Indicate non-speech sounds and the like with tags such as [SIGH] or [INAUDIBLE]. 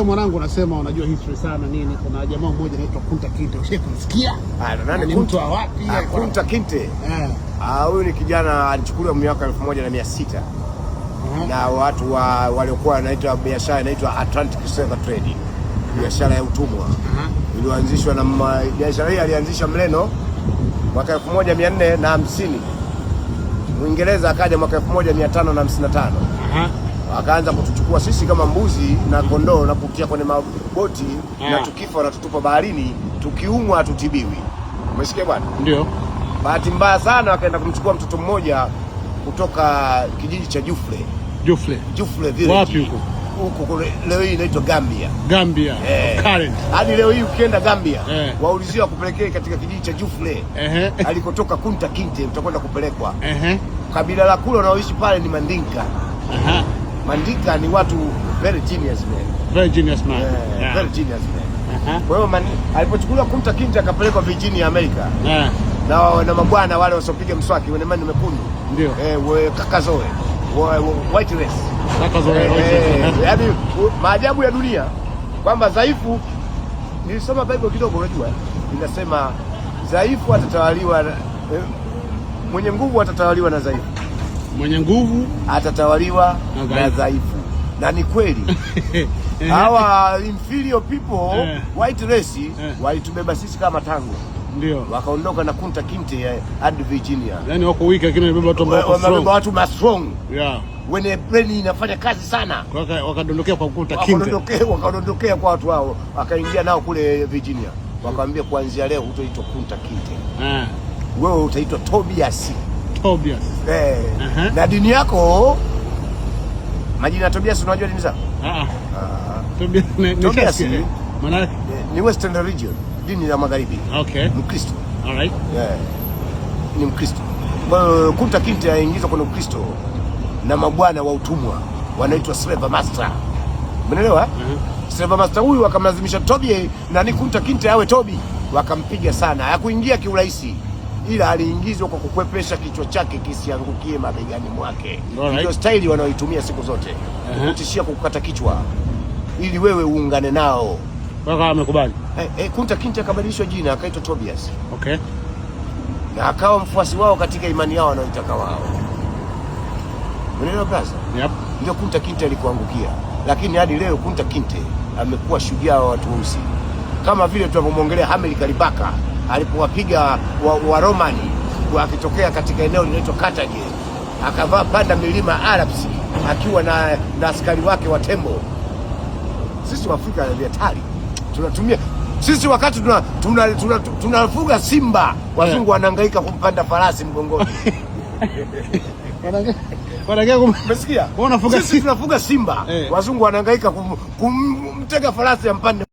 wewe mwanangu unasema unajua history sana nini. Kuna jamaa mmoja anaitwa Kunta Kinte, ushakumsikia? Ah, ni mtu wa wapi? Ah, Kunta Kinte eh. ah, huyu ni kijana alichukuliwa miaka elfu moja na mia sita na watu wa waliokuwa wanaitwa biashara inaitwa Atlantic Slave Trade, biashara ya utumwa iliyoanzishwa na biashara hii alianzisha Mleno mwaka elfu moja mia nne na hamsini Mwingereza akaja mwaka elfu moja mia tano na hamsini na tano akaanza kutuchukua sisi kama mbuzi na kondoo na kutia kwenye maboti yeah. na tukifa wanatutupa baharini, tukiumwa hatutibiwi. Umesikia bwana? Ndio. Bahati mbaya sana akaenda kumchukua mtoto mmoja kutoka kijiji cha Jufle. Jufle. Jufle vile. Wapi huko? Huko leo hii inaitwa Gambia. Gambia. Eh. Current. Hadi leo hii ukienda Gambia eh, waulizia kupelekea katika kijiji cha Jufle. Eh. Alikotoka Kunta Kinte utakwenda kupelekwa. Eh. Kabila la kule wanaoishi pale ni Mandinka. Aha. Mandika ni watu very genius man. Very genius man. Yeah, yeah. Very genius man. Uh-huh. Kwa hiyo Mani alipochukuliwa kumta kinji akapelekwa Virginia America. Yeah. Na na mabwana wale wasiopiga mswaki wenye mani mekundu. Ndio. Eh, kaka zoe. White race. Kaka zoe. Eh, eh, eh, yaani maajabu ya dunia kwamba dhaifu nilisoma Bible kidogo unajua. Inasema dhaifu atatawaliwa eh, mwenye nguvu atatawaliwa na dhaifu mwenye nguvu atatawaliwa na dhaifu. Na ni kweli [LAUGHS] hawa inferior people yeah. white race yeah. walitubeba sisi kama tango ndio wakaondoka na kunta kinte hadi Virginia, yani wako wiki, lakini wamebeba watu ambao wamebeba watu ma strong yeah, wenye brain inafanya kazi sana, wakadondokea kwa kunta kinte, wakadondokea kwa watu wao, wakaingia nao kule Virginia, wakamwambia kuanzia leo utaitwa kunta kinte yeah. wewe utaitwa Tobias Tobias. Eh. Uh -huh. Na dini yako majina ya Tobias unajua dini zako? Ah ah. ah. Tobias ni Tobias ni eh? maana eh, ni Western religion, dini ya magharibi. Okay. Mkristo. All right. Yeah. Ni Mkristo. Well, kunta kinti aingizwa kwenye Ukristo na mabwana wa utumwa wanaitwa slave master. Umeelewa? Uh -huh. Slave master huyu akamlazimisha Tobie eh, na ni kunta kinti awe Tobi, wakampiga sana. Hakuingia kiurahisi ila aliingizwa kwa kukwepesha kichwa chake kisiangukie mabegani mwake. Ndio staili wanaoitumia siku zote, kutishia kukukata kichwa ili wewe uungane nao. Amekubali eh, eh, Kunta Kinte akabadilishwa jina akaitwa Tobias. Okay. na akawa mfuasi wao katika imani yao wanaoitaka wao. Unaelewa Yep. Ndio Kunta Kinte alikuangukia, lakini hadi leo Kunta Kinte amekuwa shujaa wa watu weusi kama vile tunavyomwongelea Hamel Kalibaka alipowapiga Waromani wa akitokea katika eneo linaloitwa Katage, akavaa panda milima Arabs akiwa na, na askari wake wa tembo. Sisi Waafrika ni hatari, tunatumia sisi wakati tunafuga tuna, tuna, tuna, tuna simba wazungu eh. wanahangaika kumpanda farasi mgongoni [LAUGHS] Sisi tunafuga simba eh. wazungu wanahangaika kumtega farasi ampande